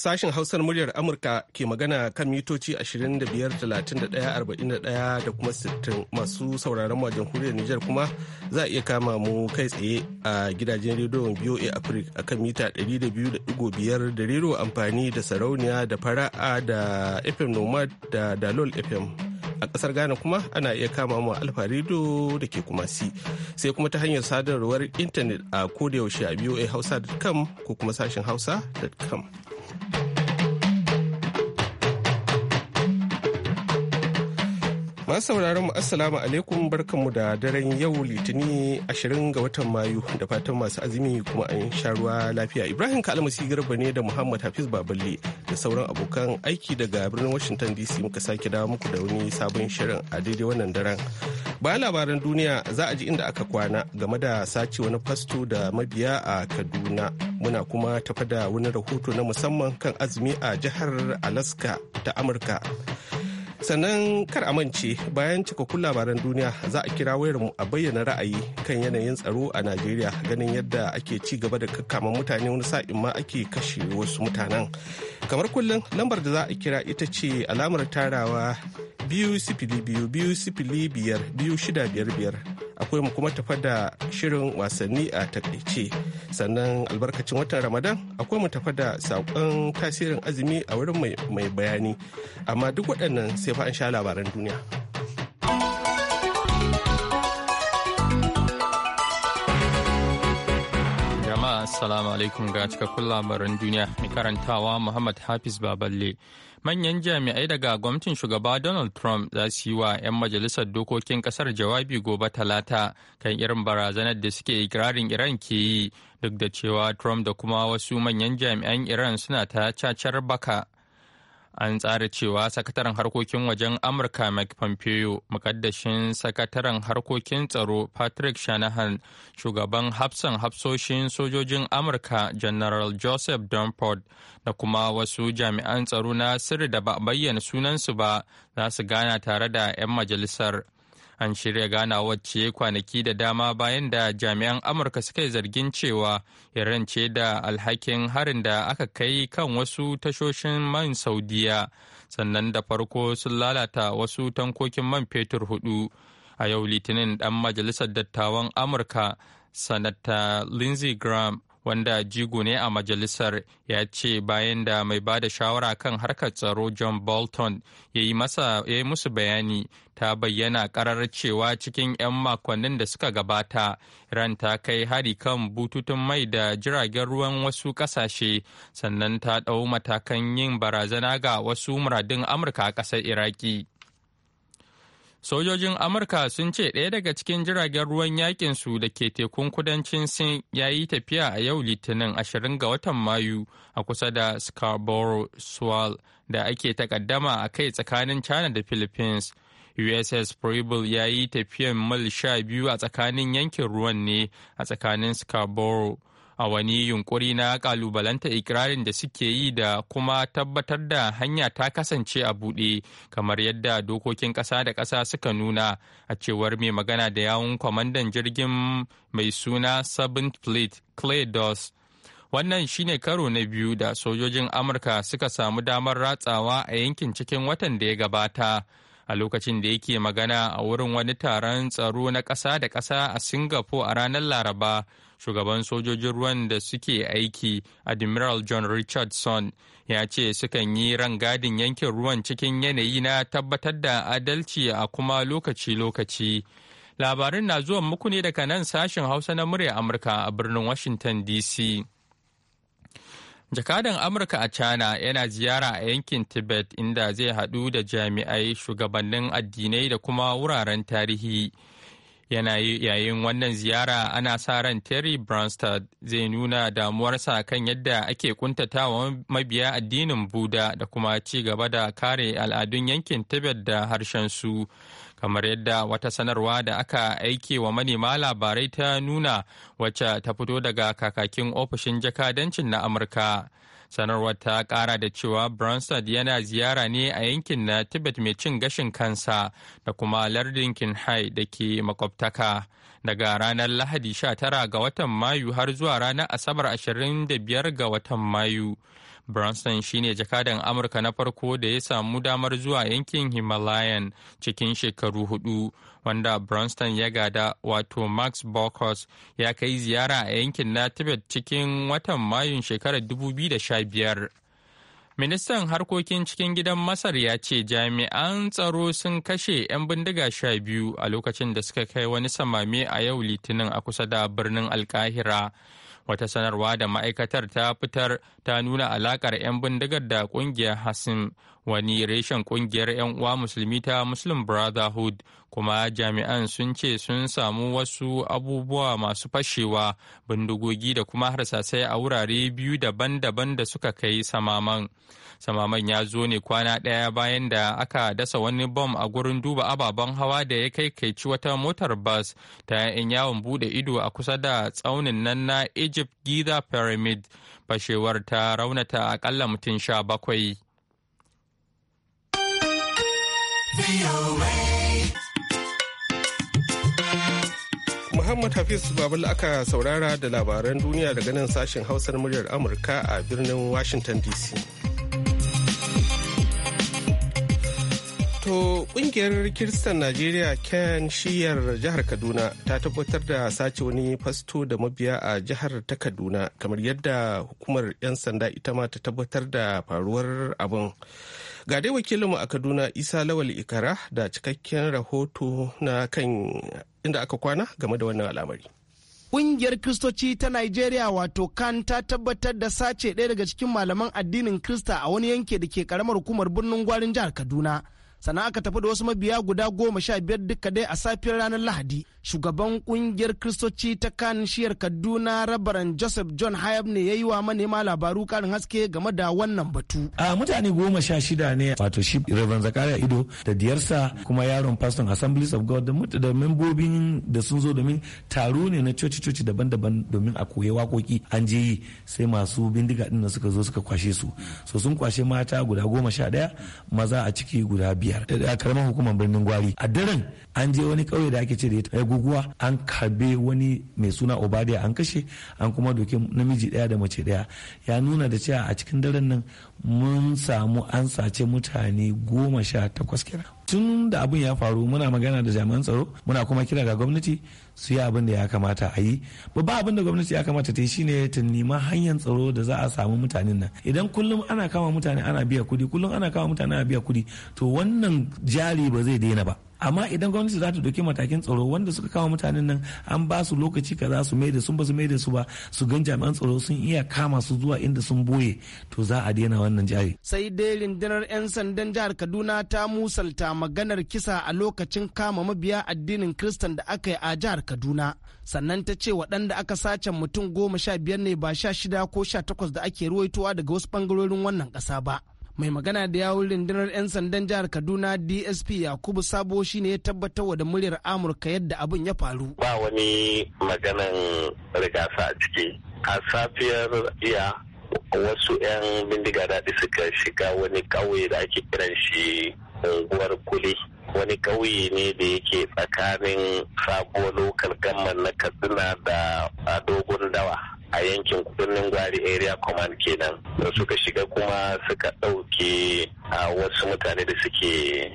Sashen Hausar muryar Amurka ke magana kan mitoci 25,31,41 da kuma 60 masu sauraron wajen a jamhuriyar Nijar kuma za a iya kama mu kai tsaye a gidajen rediyon BOA Africa a kan mita 200.5 da rero amfani da sarauniya da fara'a da FM Nomad da Dalol FM. a ƙasar ghana kuma ana iya kama mu alfa rido da ke kuma si sai kuma ta hanyar sadarwar intanet a kodayaushe a voa hausa.com ko kuma sashen hausa.com Masu sauraron mu assalamu alaikum barkanmu da daren yau litini 20 ga watan mayu da fatan masu azumi kuma an sha ruwa lafiya. Ibrahim Kalmasi Garba ne da Muhammad Hafiz Baballe da sauran abokan aiki daga birnin Washington DC muka sake dawo muku da wani sabon shirin a daidai wannan daren. Bayan labaran duniya za a ji inda aka kwana game da sace wani fasto da mabiya a Kaduna. muna kuma tafa da wani rahoto na musamman kan azumi a jihar alaska ta amurka sannan kar a mance bayan cikakkun labaran duniya za a kira wayarmu a bayyana ra'ayi kan yanayin tsaro a najeriya ganin yadda ake ci gaba da kakkama mutane wani sa'in ma ake kashe wasu mutanen kamar kullum lambar da za a kira ita ce alamar tarawa biyu sifili biyu biyu sifili biyar biyu shida biyar biyar akwai mu kuma tafa da shirin wasanni a takaice sannan albarkacin watan ramadan akwai mu tafa da saƙon tasirin azumi a wurin mai bayani amma duk waɗannan sai fa an sha labaran duniya. assalamu alaikum ga cikakkun labaran duniya mai karantawa Muhammad Hafiz Baballe. Manyan jami'ai daga gwamnatin shugaba Donald Trump za su yi wa 'yan majalisar dokokin kasar jawabi gobe talata kan irin barazanar da suke ikirarin Iran ke yi duk da cewa Trump da kuma wasu manyan jami'an Iran suna ta cacar baka. an tsara cewa sakataren harkokin wajen amurka mike pompeo makaddashin sakataren harkokin tsaro patrick shanahan shugaban hafsan hafsoshin sojojin amurka general joseph dunford da kuma wasu jami'an tsaro na sirri da ba bayyana sunansu ba za su gana tare da 'yan majalisar an shirya gana wacce kwanaki da dama bayan da jami'an amurka suka yi zargin cewa iran ce da alhakin harin da aka kai kan wasu tashoshin man saudiya sannan da farko sun lalata wasu tankokin man fetur hudu a yau litinin dan majalisar dattawan amurka sanata lindsey graham wanda jigo ne a majalisar ya ce bayan da mai bada shawara kan harkar tsaro john bolton ya yi musu bayani ta bayyana karar cewa cikin 'yan makonnin da suka gabata iran ta kai hari kan bututun mai da jiragen ruwan wasu kasashe sannan ta ɗau matakan yin barazana ga wasu muradun amurka a ƙasar iraki Sojojin Amurka sun ce ɗaya daga cikin jiragen ruwan yakin su da ke tekun kudancin Sin ya yi tafiya a yau Litinin 20 ga watan Mayu a kusa da Scarborough swall da ake takaddama a kai tsakanin China da Philippines. USS Preble ya yi tafiyan mil 12 a tsakanin yankin ruwan ne a tsakanin Scarborough a wani yunkuri na kalubalanta ikirarin da suke yi da kuma tabbatar da hanya ta kasance a buɗe kamar yadda dokokin ƙasa da ƙasa suka nuna a cewar mai magana da yawun kwamandan jirgin mai suna seventh fleet clay dos wannan shine karo na biyu da sojojin amurka suka samu damar ratsawa a yankin cikin watan da ya gabata a lokacin da yake magana a wurin wani taron tsaro na ƙasa da ƙasa a singapore a ranar laraba shugaban sojojin ruwan da suke aiki admiral john richardson ya ce sukan yi rangadin yankin ruwan cikin yanayi na tabbatar da adalci a kuma lokaci-lokaci labarin na zuwan muku ne daga nan sashen hausa na murya amurka a birnin washington dc jakadan amurka a china yana ziyara a yankin tibet inda zai haɗu da jami'ai shugabannin addinai da kuma wuraren tarihi yana yayin wannan ziyara ana sa ran terry branstad zai nuna damuwarsa kan yadda ake kuntatawa mabiya addinin buda da kuma ci gaba da kare al'adun yankin tibet da harshen su kamar yadda wata sanarwa da aka aike wa manema labarai ta nuna wacce ta fito daga kakakin ofishin jakadancin na amurka sanarwar ta kara da cewa bransard yana ziyara ne a yankin na tibet mai cin gashin kansa da kuma lardin kinhai da ke makwabtaka daga ranar lahadi 19 ga watan mayu har zuwa ranar asabar 25 ga watan mayu Branson shine jakadan Amurka na farko da ya samu damar zuwa yankin Himalayan cikin shekaru hudu, wanda Branson ya gada wato Max Bokos ya kai ziyara a yankin na Tibet cikin watan Mayun shekarar 2015. Ministan harkokin cikin gidan Masar ya ce jami'an tsaro sun kashe 'yan bindiga sha biyu a lokacin da suka kai wani samame a yau litinin a kusa da birnin Alkahira. wata sanarwa da ma'aikatar ta fitar ta nuna alakar 'yan bindigar da kungiyar hasim wani reshen kungiyar 'yan uwa musulmi ta muslim brotherhood kuma jami'an sun ce sun samu wasu abubuwa masu fashewa bindigogi da kuma harsasai a wurare biyu daban-daban da suka kai samaman samaman ya zo ne kwana ɗaya bayan da aka dasa wani bom a gurin duba ababen hawa da ya kai kaici wata motar bas ta 'yan yawon bude ido a kusa da tsaunin nan na egypt giza pyramid fashewar ta raunata akalla mutum sha bakwai. Muhammad Hafiz Babal aka saurara da labaran duniya daga nan sashen Hausar muryar Amurka a birnin Washington DC. To kungiyar Kiristan Najeriya Ken shiyar jihar Kaduna ta tabbatar da sace wani fasto da mabiya a jihar ta Kaduna kamar yadda hukumar 'yan sanda ita ma ta tabbatar da faruwar abin. Ga dai wakilinmu a Kaduna Isa Lawal Ikara da cikakken rahoto na kan inda aka kwana game da wannan al'amari. Ƙungiyar Kristoci ta Najeriya wato kan ta tabbatar da sace ɗaya daga cikin malaman addinin Krista a wani yanke da ke ƙaramar hukumar birnin gwarin jihar Kaduna. sannan aka tafi da wasu mabiya guda goma sha biyar duka dai a safiyar ranar lahadi shugaban kungiyar kristoci ta kan shiyar kaduna rabaran joseph john hayab ne ya yi wa manema labaru karin haske game da wannan batu a mutane goma sha shida ne wato shi reverend zakaria ido da diyarsa kuma yaron pastor assemblies of god da membobin da sun zo domin taro ne na coci-coci daban-daban domin a koya wakoki an je yi sai masu bindiga din suka zo suka kwashe su so sun kwashe mata guda goma sha daya maza a ciki guda biyar biyar a karamar hukumar birnin gwari a daren an je wani kauye da ake ce da ya guguwa an kabe wani mai suna obadiya an kashe an kuma doke namiji daya da mace daya ya nuna da cewa a cikin daren nan mun samu an sace mutane goma sha takwas kenan tun da abin ya faru muna magana da jami'an tsaro muna kuma kira ga gwamnati su yi abin da ya kamata a yi babba abin da gwamnati ya kamata ta yi shine ta nema hanyar tsaro da za a samu mutanen nan idan kullum ana kama mutane ana biya kudi kullum ana kama mutane ana biya kudi to wannan jari ba zai daina ba amma idan gwamnati za ta doki matakin tsaro wanda suka kama mutanen nan an ba su lokaci kaza su mai da sun ba su mai da su ba su gan jami'an tsaro sun iya kama su zuwa inda sun boye to za a daina wannan jari sai dai rindinar 'yan sandan jihar kaduna ta musalta maganar kisa a lokacin kama mabiya addinin kristan da aka yi a jihar kaduna sannan ta ce waɗanda aka sace mutum goma sha biyar ne ba sha shida ko sha takwas da ake ruwaitowa daga wasu ɓangarorin wannan ƙasa ba mai magana da yawun rundunar 'yan sandan jihar kaduna dsp yakubu sabo shine ya tabbatar wa da muryar amurka yadda abin ya faru ba wani maganan rigasa a ciki a safiyar iya wasu 'yan bindiga daɗi suka shiga wani ƙauye da ake kiran shi unguwar kuli wani ƙauye ne da yake tsakanin sabo lokal gamman na katsina da dogon dawa a yankin birnin gwari area command kenan da suka shiga kuma suka ɗauke a wasu mutane da suke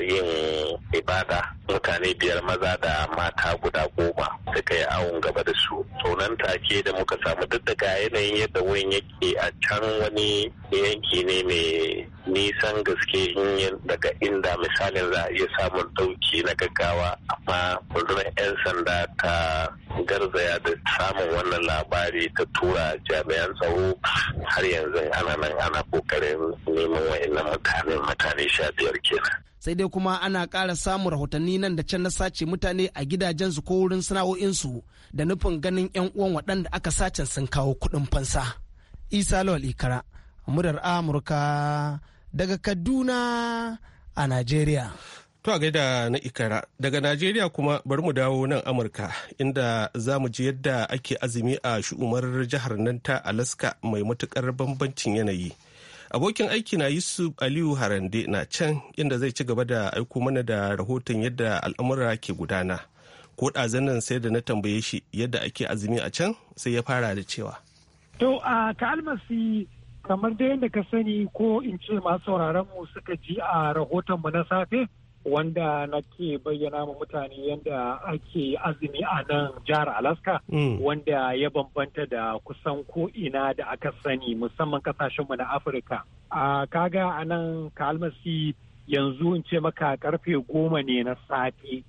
yin ibada mutane biyar maza da mata guda goma suka yi awon gaba da su tonan take da muka samu duk daga yanayin yadda wurin yake a can wani yanki ne mai nisan gaske daga inda misalin za a iya samun ɗauki na gaggawa amma rundunar 'yan sanda ta garzaya da samun wannan labari wurare ta tura jami'an tsaro har yanzu ana nan ana kokarin neman wa'annan mutane mutane sha biyar kenan sai dai kuma ana ƙara samun rahotanni nan da can na sace mutane a gidajensu ko wurin sana'o'insu da nufin ganin 'yan uwan waɗanda aka sace sun kawo kuɗin fansa isa lawal ikara murar amurka daga kaduna a najeriya To a gaida na Ikara daga Najeriya kuma bari mu dawo nan Amurka inda za mu ji yadda ake azumi a shu'umar jihar nan ta Alaska mai matukar bambancin yanayi. Abokin aiki na Yusuf Aliyu Harande na can inda zai ci gaba da aiko mana da rahoton yadda al'amura ke gudana. Ko ɗazanin sai da na tambaye shi yadda ake azumi a can sai ya fara da cewa. To a almasi kamar da yadda ka sani ko in ce masu sauraron mu suka ji a rahoton mu na safe. wanda nake bayyana ma mutane yadda ake azumi a nan jihar Alaska mm. wanda ya bambanta da kusan ko'ina da aka sani musamman kasashenmu na Afirka. A kaga a nan kalmasi yanzu in ce maka karfe goma ne na safe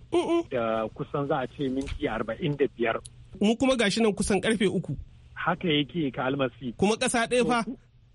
da kusan za a ce minti arba'in da biyar. Mu kuma gashi nan kusan karfe uku. Haka yake kalmasi. Kuma ƙasa ɗaya fa.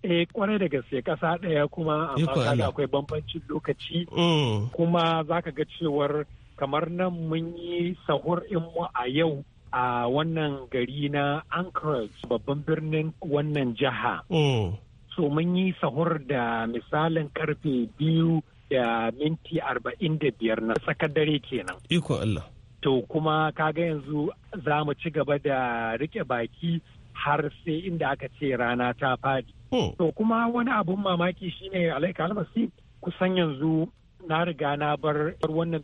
eh kwarai da gaske kasa ɗaya kuma amma da eh, akwai bambancin lokaci oh. kuma zaka ga cewar kamar nan mun yi sahur in mu a yau a wannan gari na Anchorage babban birnin wannan jiha. Oh. So mun yi sahur da misalin karfe biyu da minti arba'in da biyar na tsakar dare kenan. Iko Allah. To kuma kaga yanzu za mu ci gaba da rike baki har sai inda aka ce rana ta faɗi. Hmm. To kuma wani abun mamaki shine Alaika Almasi kusan yanzu na riga na bar wannan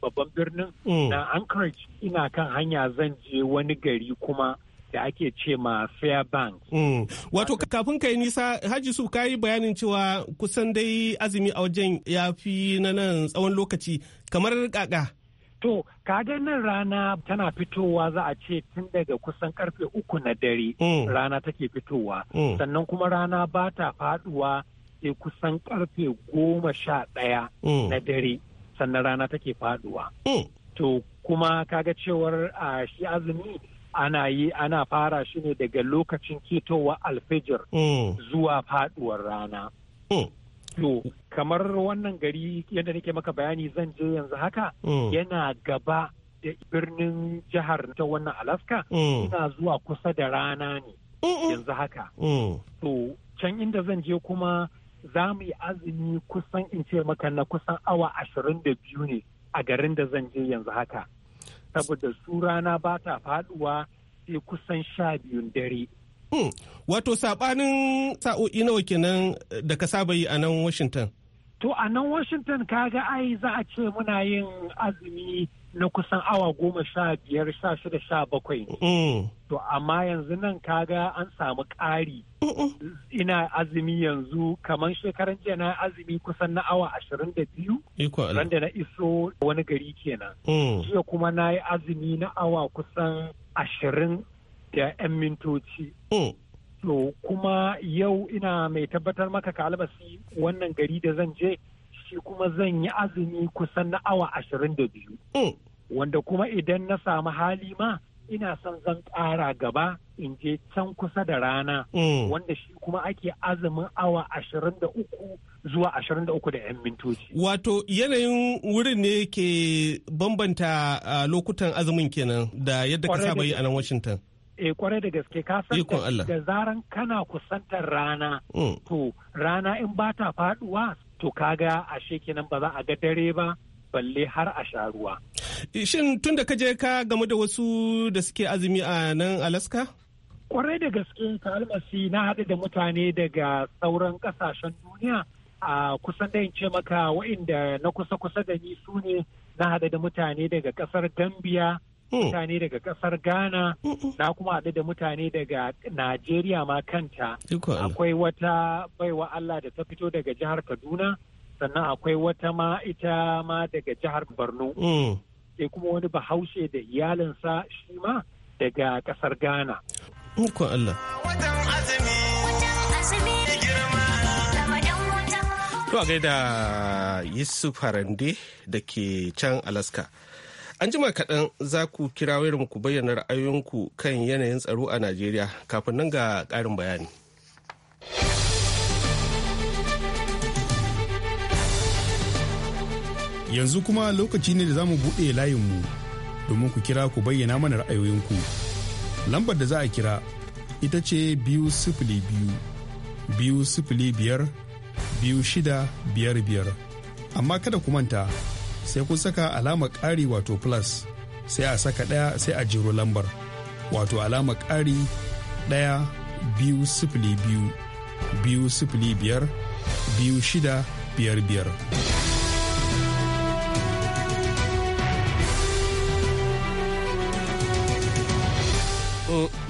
babban birnin hmm. na Anchorage ina kan hanya zan je wani gari kuma da ake ce ma Fairbank. Hmm. Wato kafin kai nisa Haji su ka yi bayanin cewa kusan dai azumi a wajen ya fi na nan tsawon lokaci kamar kaka. To, kaga nan rana tana fitowa za a ce tun daga kusan karfe uku na dare mm. rana take fitowa. Mm. Sannan kuma rana ba ta faduwa sai kusan karfe goma sha ɗaya mm. na dare sannan rana take faduwa. To, kuma kaga cewar a shi azumi ana yi ana fara shi ne daga lokacin ketowa alfijir zuwa faduwar rana. to kamar wannan gari yadda nake maka bayani zan je yanzu haka mm. yana gaba da birnin jihar ta wannan alaska mm. ina zuwa kusa da rana ne yanzu haka mm. to can inda zan je kuma za mu yi azumi kusan in ce maka na kusan awa ashirin da biyu ne a garin da zan je yanzu haka saboda su rana ba ta faduwa sai kusan sha biyun dare Hmm. Wato saɓanin sa'o'i nawa kenan eh, da ka saba yi a nan Washington? To a nan Washington kaga ai za a ce muna yin azumi na kusan awa goma sha biyar sha shida sha bakwai. Hmm. To amma yanzu nan kaga an samu ƙari. Ina azumi yanzu kamar shekaran jiya na azumi kusan na awa ashirin da biyu. Wanda na iso wani gari kenan. Hmm. Jiya kuma na yi azumi na awa kusan ashirin da 'yan mintoci. To kuma yau ina mai tabbatar maka ka albasi wannan gari da zan je shi kuma zan yi azumi kusan na awa ashirin da biyu. Wanda kuma idan na samu hali ma ina son zan ƙara gaba in je can kusa da rana wanda shi kuma ake azumin awa ashirin da uku zuwa ashirin da uku da 'yan mintoci. Wato yanayin wurin ne ke bambanta ah, lokutan azumin kenan da yadda ka saba yi a nan Washington. eh kwarai da gaske ka san da zaran kana kusantar rana mm. to rana in ba ta faduwa to kaga ashe kenan ba za a ga dare ba balle har a sha ruwa. Eh, shin tun da ka je ka gamu da wasu da suke azumi a nan Alaska? Kwarai da gaske ta almasi na haɗu da mutane daga sauran kasashen duniya a kusan da ce maka wa'inda na kusa-kusa da ni su ne na haɗu da mutane daga ƙasar Gambia, Mm. mutane daga kasar ghana na kuma haɗu da mutane daga najeriya ma kanta akwai wata baiwa allah da ta fito daga jihar kaduna sannan akwai wata ma ita ma daga jihar borno mm. sai kuma wani bahaushe da iyalinsa shi ma daga kasar ghana allah. To gaida Yusuf Harande da ke can Alaska. An jima kaɗan za ku kira wayar ku bayyana ra'ayoyinku kan yanayin tsaro a Najeriya kafin nan ga ƙarin bayani. Yanzu kuma lokaci ne da za mu buɗe layinmu domin ku kira ku bayyana mana ra'ayoyinku. Lambar da za a kira ita ce biyu sifili biyu biyu sifili biyar biyu shida biyar biyar amma kada ku manta sai kun saka alama ƙari wato plus sai a saka ɗaya sai a jiro lambar wato alama ƙari ɗaya biyu sifili biyu biyu sifili biyar biyu shida biyar biyar.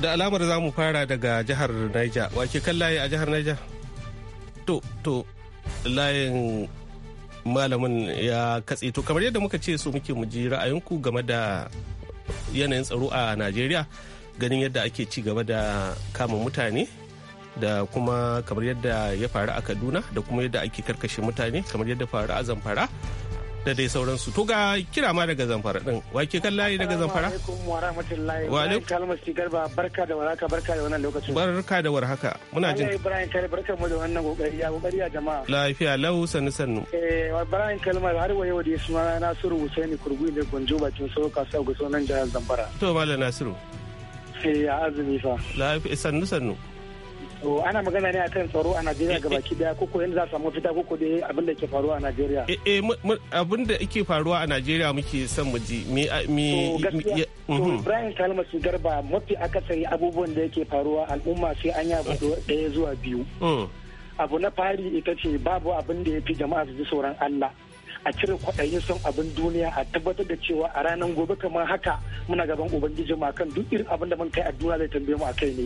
da alamar za mu fara daga jihar Niger wake kan layi a jihar Niger? To, to, layin malamin ya katse to kamar yadda muka ce su muke mu ji ra'ayinku game da yanayin tsaro a najeriya ganin yadda ake ci gaba da kama mutane da kuma kamar yadda ya faru a kaduna da kuma yadda ake karkashe mutane kamar yadda faru a zamfara da dai sauransu to ga kira ma daga zamfara din wake kan layi daga zamfara wa alaikum kalmar garba barka da warhaka barka da wannan lokacin barka da warhaka muna jin ibrahim kare barka mu da wannan kokari ya kokari ya jama'a lafiya lau sannu sannu eh ibrahim kalmar har wa yau da suna nasiru husaini kurgui ne gonjo bakin sau kasuwa sonan jihar zamfara to malam nasiru eh azumi fa lafiya sannu sannu ana magana ne akan tsaro a Najeriya eh, eh. ga baki daya koko yanda za samu fita koko dai abin da ke faruwa a Najeriya. Eh, eh abin da yake faruwa a Najeriya muke son mu ji me me to mhm. Ibrahim su Garba mafi akasari abubuwan da yake faruwa al'umma sai an yi abu daya zuwa biyu. Mm. Abu na fari ita ce babu abin da ya fi jama'a su ji tsoron Allah. a cire kwaɗayin son abin duniya a tabbatar da cewa a ranar gobe kamar haka muna gaban ubangiji ma kan duk irin abin da mun kai a duniya zai tambaye mu a kai ne.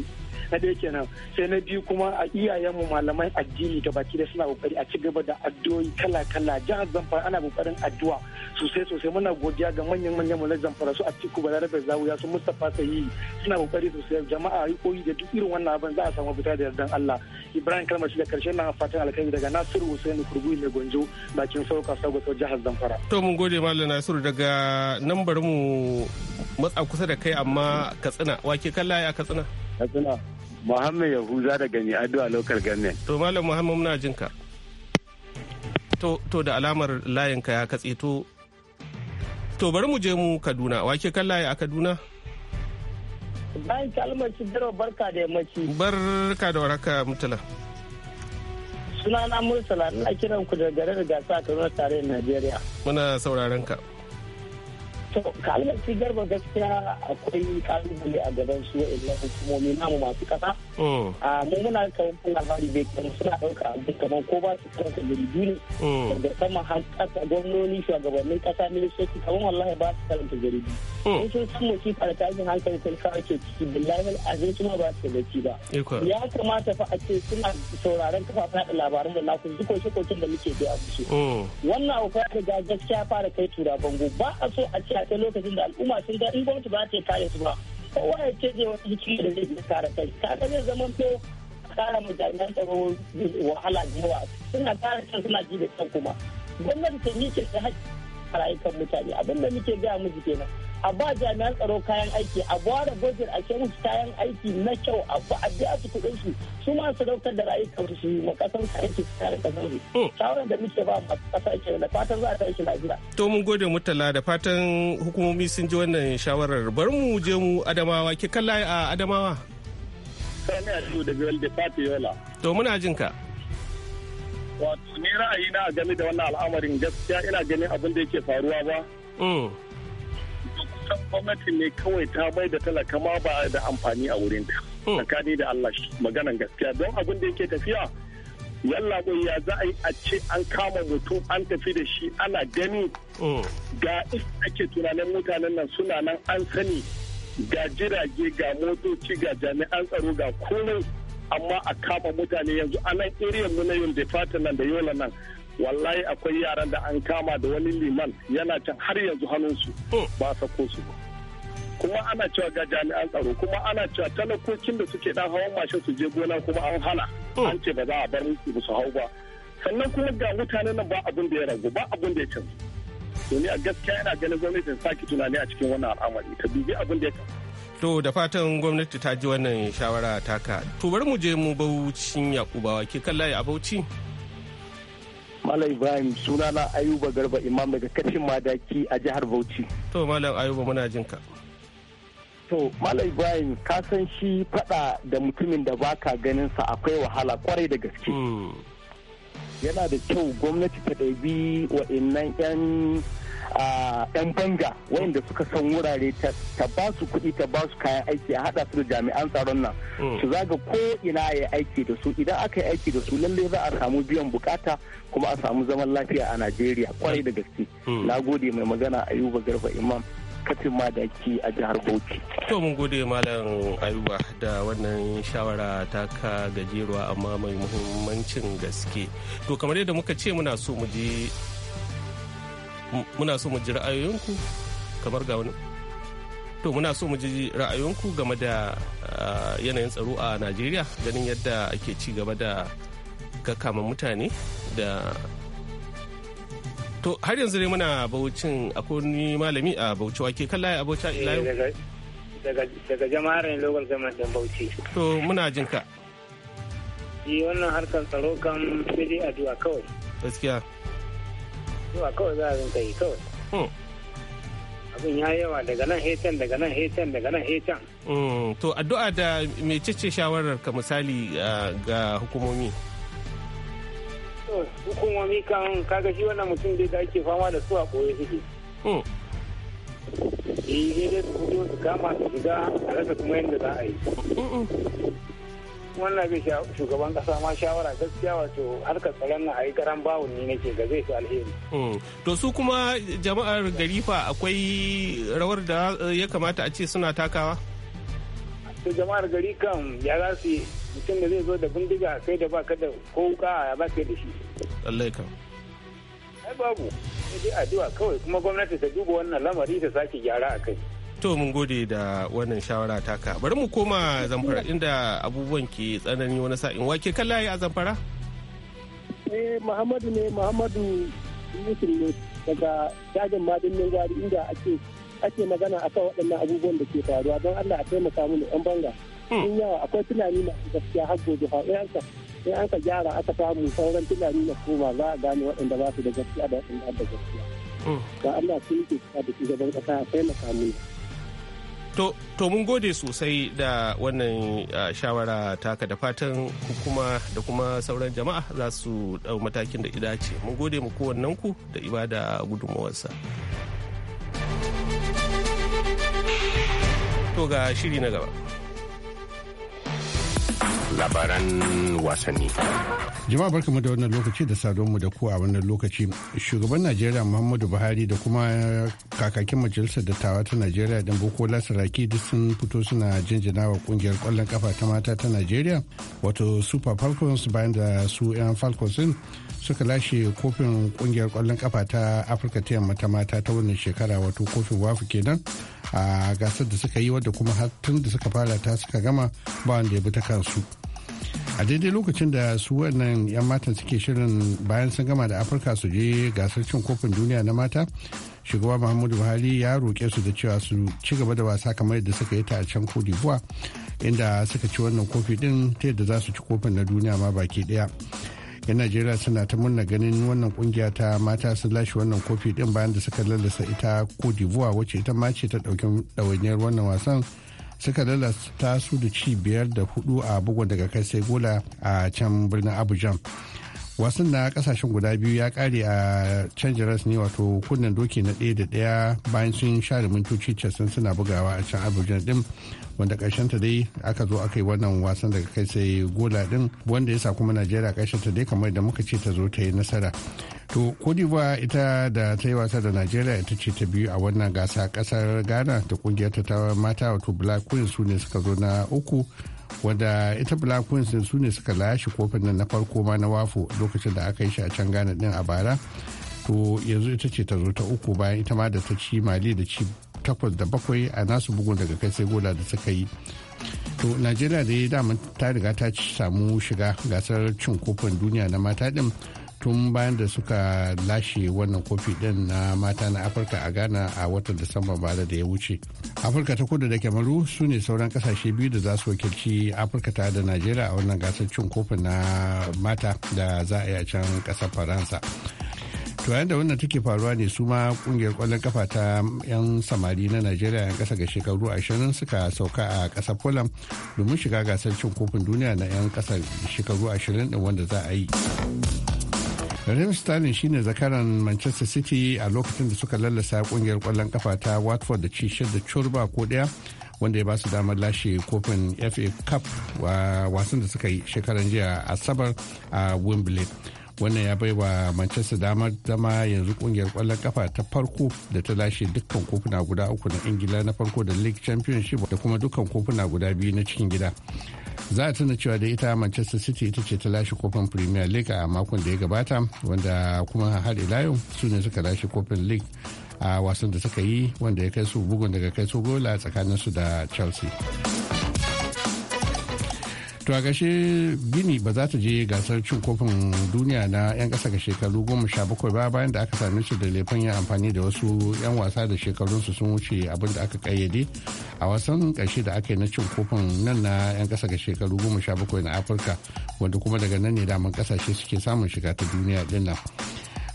na kenan sai na biyu kuma a mu malaman addini ga baki da suna kokari a ci gaba da addu'o'i kala kala jihar zamfara ana kokarin addu'a sosai sosai muna godiya ga manyan manyan na zamfara su a ciku zawo ya su mustapha sayi suna kokari sosai jama'a yi koyi da duk irin wannan abin za a samu fita da yardan allah ibrahim kalmar da karshe na fatan alkhairi daga nasiru hussein kurgui mai gonjo bakin sauka sagoto jihar zamfara to mun gode malam nasiru daga nan bari mu matsa kusa da kai amma katsina wake kalla katsina katsina muhammad yahuza daga mai addu'a local government to malam muhammad muna jin ka to to da alamar layin ka ya katse to to bari mu je mu kaduna wake kan layi a kaduna bayan kalmar sidira barka da yammaci barka da waraka mutala na mursala ina kiran ku da garin gasa a kaduna tarayyar najeriya muna sauraron ka kalmarci garba gaskiya akwai kalubale a gaban su wa'annan hukumomi namu masu kasa oh. a mu muna kawai kun labari bai kan suna ɗauka abu kamar ko ba su kansa jirgi ne oh. daga sama har ƙasa gwamnoni shugabannin ƙasa ministoci kamar wallahi ba su karanta jirgi oh. in sun san musifa da tashin hankali talakawa ke ciki billahi azin suma ba su gaci ba ya kamata fa a ce suna sauraron kafafen da labaran da naku duk koke-koken da muke biya musu wannan abu fa ya riga gaskiya fara kai tura bango ba a so a ce a ce lokacin da al'umma sun ga in gwamnati ba ta kare su ba kowa ya ce zai wata ciki da zai iya kare kai kaga zai zama to kara mu jami'an tsaro wahala da yawa suna kare kan suna ji da kan kuma gwamnati ta yi ke ta haƙƙi a rayukan mutane abinda muke gaya musu kenan a ba jami'an tsaro kayan aiki a da budget a kyan musu kayan aiki na kyau a ba a biya su kuɗin su su ma su daukar da kan su ma kasar su aiki su kare kasar oh. su shawaran da muke ba ma kasar ke da fatan za ta aiki lafiya to mun gode mutala da fatan hukumomi sun ji wannan shawarar bari mu je mu adamawa ki kalla a adamawa sani a da biyar da fati yola to muna jin ka wato ni ra'ayi na game da wannan al'amarin gaskiya ina ganin abin da yake faruwa ba oh. kusan gwamnati ne kawai ta bai da talaka ma ba da amfani a wurin ta hmm. tsakani da Allah maganan gaskiya don abin da yake tafiya yalla ya za a yi a ce an kama mutum an tafi da shi ana gani hmm. ga ake tunanin mutanen nan suna nan an sani ga jirage ga motoci ga jami'an tsaro ga komai amma a kama mutane yanzu a nan iriyan mu na da fata nan da yola nan wallahi akwai yaran da an kama da wani liman yana can har yanzu hannunsu oh. ba sako su ba kuma ana cewa ga jami'an tsaro kuma ana cewa talakokin da suke dan hawan mashin su je gona kuma an hana oh. an ce ba za a bar musu su hau ba sannan kuma ga mutanen nan ba abin da ya ragu ba abin da ya canza domin a gaskiya yana ganin gwamnatin saki tunani a cikin wannan al'amari ta bibi abin da ya canza To da fatan gwamnati ta ji wannan shawara taka. To bari mu je mu baucin Yakubawa ke kallaye a Bauchi. Malam Ibrahim sunana Ayuba Garba Imam daga kashin madaki a jihar Bauchi. To Malam Ayuba muna jin ka. To Malam Ibrahim ka san shi fada da mutumin da baka ganin sa akwai wahala kwarai da gaske. Hmm. Yana da kyau gwamnati ta ɗabi wa'innan 'yan a 'yan banga wayanda suka san wurare ta ba su kuɗi ta ba su kayan aiki a haɗa su da jami'an tsaron nan mm. su zaga ko ina ya aiki da su idan aka yi aiki da su lallai za a samu biyan bukata kuma a samu zaman lafiya a najeriya kwarai da gaske mm. na gode mai magana ayuba garba imam kafin ma da a jihar Bauchi. To mun gode Malam Ayuba da wannan shawara ta ka gajeruwa amma mai muhimmancin gaske. To kamar yadda muka ce muna so mu je muna so mu ji ra'ayoyinku kamar ga wani to muna so mu ji ra'ayoyinku game da ah, yanayin tsaro a najeriya ganin yadda ake ci gaba da kama mutane da to har yanzu dai muna baucin akwai malami a bauchi wake kan layi a bauchi eh, daga jama'ar ne local government din bauchi to muna jin ka yi eh, wannan harkar tsaro kan sai a duwa kawai gaskiya zuwa kawai za a rinka yi kawai hmm. abin ya yawa daga nan hetan daga nan hetan daga nan hetan hmm. to addu'a da mecece shawarar ka misali uh, ga hukumomi hukumomi kan kaga shi wannan mutum dai da ake fama da su a ɓoye suke hmm. eh dai su fito su kama su shiga a rasa kuma yadda za a yi kuma na bi shugaban kasa ma shawara gaskiya wato harkar tsaron na ayi karan bawun ne nake ga zai fi alheri. Hmm. To su kuma jama'ar garifa akwai rawar da eh, ya kamata a ce suna takawa? To jama'ar gari kan ya za su mutum da zai zo da bindiga kai da ba da ko wuka ya ba ka da shi. kan. Ai babu. Sai addu'a kawai kuma gwamnati ta duba wannan lamari ta sake gyara a kai. to mun gode da wannan shawara taka bari mu koma zamfara inda abubuwan ke tsanani wani sa'in wake kan layi a zamfara eh muhammadu ne muhammadu musul ne daga dajin madinin gwari inda ake ake magana akan waɗannan abubuwan da ke faruwa don allah a taimaka mu yan banga in hmm. yawa akwai tunani na gaskiya har gobe ka in an ka gyara aka samu sauran tunani na koma za a gane waɗanda ba su da gaskiya da waɗanda da gaskiya ga hmm. allah sun ke da shugaban ƙasa a taimaka mu To mun gode sosai da wannan ah, shawara taka da fatan hukuma da kuma sauran jama'a za su ɗau matakin da idace. Mun gode mu kowannen ku da ibada gudunmawarsa. To ga shiri na gaba. labaran wasanni. Jama'a da wannan lokaci da mu da ku a wannan lokaci. Shugaban Najeriya Muhammadu Buhari da kuma kakakin majalisar dattawa ta Najeriya dan Boko Lasaraki duk sun fito suna jinjina wa kungiyar kwallon kafa ta mata ta Najeriya wato Super Falcons bayan da su ƴan Falcons din suka lashe kofin kungiyar kwallon kafa ta Afirka ta yamma ta mata ta wannan shekara wato kofin wafu kenan a gasar da suka yi wadda kuma har tun da suka fara ta suka gama ba wanda ya bi ta kansu. a daidai lokacin da su wannan 'yan matan suke shirin bayan sun gama da afirka su je gasar cin kofin duniya na mata shugaba muhammadu buhari ya roƙe su da cewa su ci gaba da wasa kamar yadda suka yi ta a can cote buwa inda suka ci wannan kofi din ta yadda za su ci kofin na duniya ma baki ɗaya 'yan najeriya suna ta murna ganin wannan kungiya ta mata sun lashe wannan kofi din bayan da suka lallasa ita cote d'ivoire wacce ita ma ce ta ɗauki ɗawainiyar wannan wasan suka lalata su da ci biyar da hudu a bugun daga kai sai gola a can birnin abuja wasan na kasashen guda biyu ya kare a canjaras ne wato kunnen doki na ɗaya da ɗaya bayan sun share mintoci casan suna bugawa a can abuja din wanda ta dai aka zo aka yi wannan wasan daga kai sai gola din wanda ya sa kuma najeriya ta dai kamar da muka ce ta zo ta yi nasara to kodiva ita da ta yi wasa da nigeria ita ce ta biyu a wannan gasa kasar ghana da kungiyar ta mata wato black queen su ne suka zo na uku wanda ita black queens su ne suka lashe kofin nan na farko ma na wafo lokacin da aka yi shi a can ghana din a bara to yanzu ita ce ta zo ta uku bayan ita ma da ta ci mali da ci takwas da bakwai a nasu bugun daga kai sai gola da suka yi to nigeria da ya dama ta riga ta samu shiga gasar cin kofin duniya na mata din tun bayan da suka lashe wannan kofi din na mata na afirka a ghana a watan disamba bara da ya wuce afirka ta kudu da kyamaru su ne sauran kasashe biyu da za su wakilci afirka ta da najeriya a wannan gasar cin kofin na mata da za a yi a can kasar faransa to yadda da wannan take faruwa ne su ma kungiyar kwallon kafa ta yan samari na najeriya yan kasa ga shekaru 20 suka sauka a kasar poland domin shiga gasar cin kofin duniya na yan kasa shekaru 20 din wanda za a yi Raheem Sterling shine zakaran Manchester City a lokacin da suka lallasa kungiyar kwallon kafa ta Watford da ci da curba ko daya wanda ya ba su damar lashe kofin FA Cup wasan da suka yi shekaran jiya Asabar a Wembley. wannan ya bai wa manchester damar zama yanzu kungiyar kwallon kafa ta farko da ta lashe dukkan kofuna guda uku na ingila na farko da league championship da kuma dukkan kofuna guda biyu na cikin gida za a tuna cewa da ita manchester city ita ce ta lashe kofin premier league a makon da ya gabata wanda kuma har ila yau su ne suka lashe kofin league a wasan da suka yi wanda ya kai su bugun daga kai su gola su da chelsea to a gashe gini ba za ta je gasar cin kofin duniya na 'yan kasa ga shekaru goma sha bakwai ba bayan da aka same su da laifin yin amfani da wasu 'yan wasa da shekarunsu sun wuce abin da aka kayyade a wasan ƙarshe da aka yi na cin kofin nan na 'yan kasa ga shekaru goma sha bakwai na afirka wanda kuma daga nan ne daman kasashe suke samun shiga ta duniya dinnan.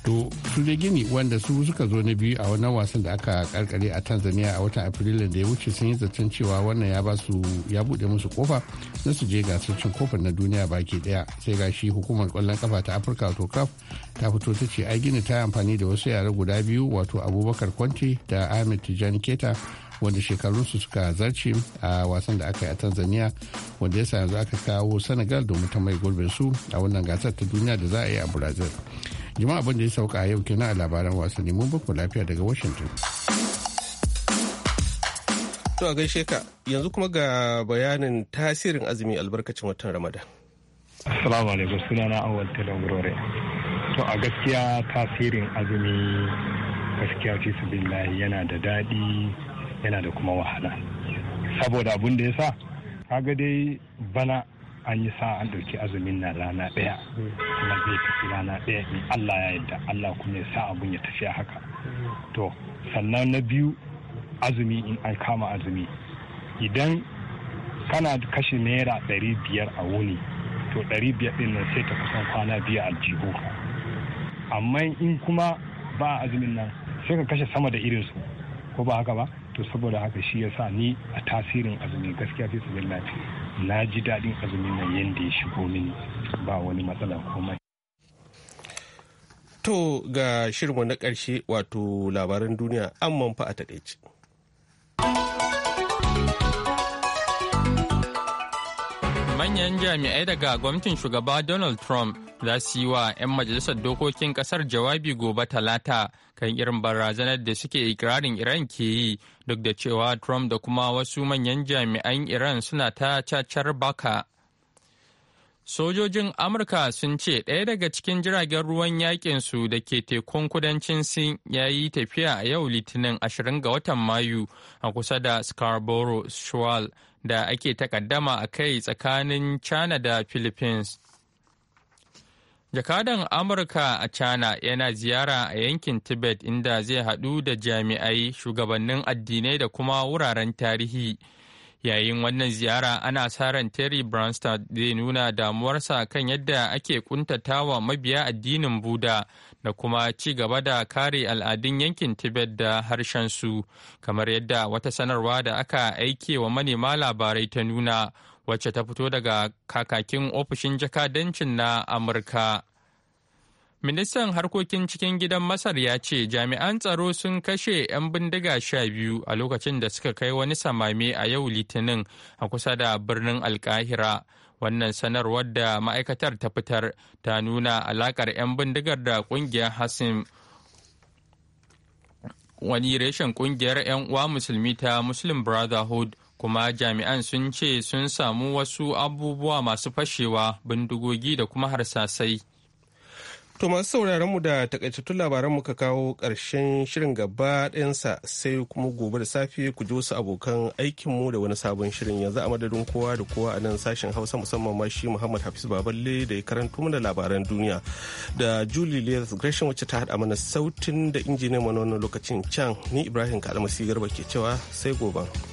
to su dai gini wanda su suka zo na biyu a wannan wasan da aka karkare a tanzania a watan afrilun da ya wuce sun yi zaton cewa wannan ya ba su ya bude musu kofa na su je gasar cin kofar na duniya baki daya sai ga shi hukumar kwallon kafa ta afirka wato caf ta fito ta ce ai gini ta amfani da wasu yare guda biyu wato abubakar kwanti da ahmed tijani keta wanda shekarunsu suka zarce a wasan da aka yi a tanzania wanda ya sa yanzu aka kawo senegal domin ta mai gurbin su a wannan gasar ta duniya da za a yi a brazil jama'a abin da ya sauka a yau kenan a labaran wasanni mun baku lafiya daga washington to a gaishe ka yanzu kuma ga bayanin tasirin azumi albarkacin watan ramadan assalamu alaikum sunana awal telon to a gaskiya tasirin azumi gaskiya fi su yana da daɗi yana da kuma wahala saboda abin da ya sa kaga dai bana an yi sa an ɗauki azumin na rana ɗaya kuma zai tafi rana ɗaya in Allah ya yarda Allah kuma ya sa abun ya tafiya haka to sannan na biyu azumi in an kama azumi idan kana kashe naira ɗari biyar a wuni to ɗari biyar ɗin nan sai ta kusan kwana biyu a aljihu amma in kuma ba azumin nan sai ka kashe sama da irin su ko ba haka ba to saboda haka shi yasa ni a tasirin azumi gaskiya fi su lafiya na ji daɗin azumin nan yadda ya shigo mini ba wani matsala komai To ga shirma na ƙarshe wato labaran duniya an manfa a taɗaice. Manyan jami'ai daga gwamnatin shugaba Donald Trump za su yi wa 'yan majalisar dokokin kasar jawabi gobe talata kan irin barazanar da suke ikirarin iran ke yi duk da cewa trump da kuma wasu manyan jami'an iran suna ta cacar baka sojojin amurka sun ce ɗaya daga cikin jiragen ruwan yakin su da ke tekun kudancin sin ya yi tafiya a yau litinin 20 ga watan mayu a kusa da scarborough shoal da ake takaddama a kai tsakanin china da philippines Jakadan Amurka a China yana ziyara a yankin Tibet inda zai haɗu da jami'ai, shugabannin addinai da kuma wuraren tarihi. Yayin wannan ziyara ana sa ran Terry Branstad zai nuna damuwarsa kan yadda ake kuntatawa mabiya addinin Buda da kuma ci gaba da kare al'adun yankin Tibet da harshensu, kamar yadda wata sanarwa da aka aike wa manema labarai ta nuna. wacce ta fito daga kakakin ofishin jakadancin na amurka ministan harkokin cikin gidan masar ya ce jami'an tsaro sun kashe 'yan bindiga sha biyu a lokacin da suka kai wani samami a yau litinin a kusa da birnin alkahira wannan sanarwar da ma'aikatar ta fitar ta nuna alakar 'yan bindigar da kungiyar hasim wani reshen kungiyar 'yan uwa musulmi ta muslim brotherhood kuma jami'an sun ce sun samu wasu abubuwa masu fashewa bindigogi da kuma harsasai. To masu sauraron mu da takaitattun labaran muka kawo ƙarshen shirin gaba ɗayansa sai kuma gobe da safe ku ji wasu abokan aikin mu da wani sabon shirin yanzu a madadin kowa da kowa a nan sashen Hausa musamman ma shi Muhammad Hafiz Baballe da ya karanto mana labaran duniya da Julie Lears Gresham wacce ta haɗa mana sautin da injiniyan mana wannan lokacin can ni Ibrahim Kalmasi Garba ke cewa sai gobe.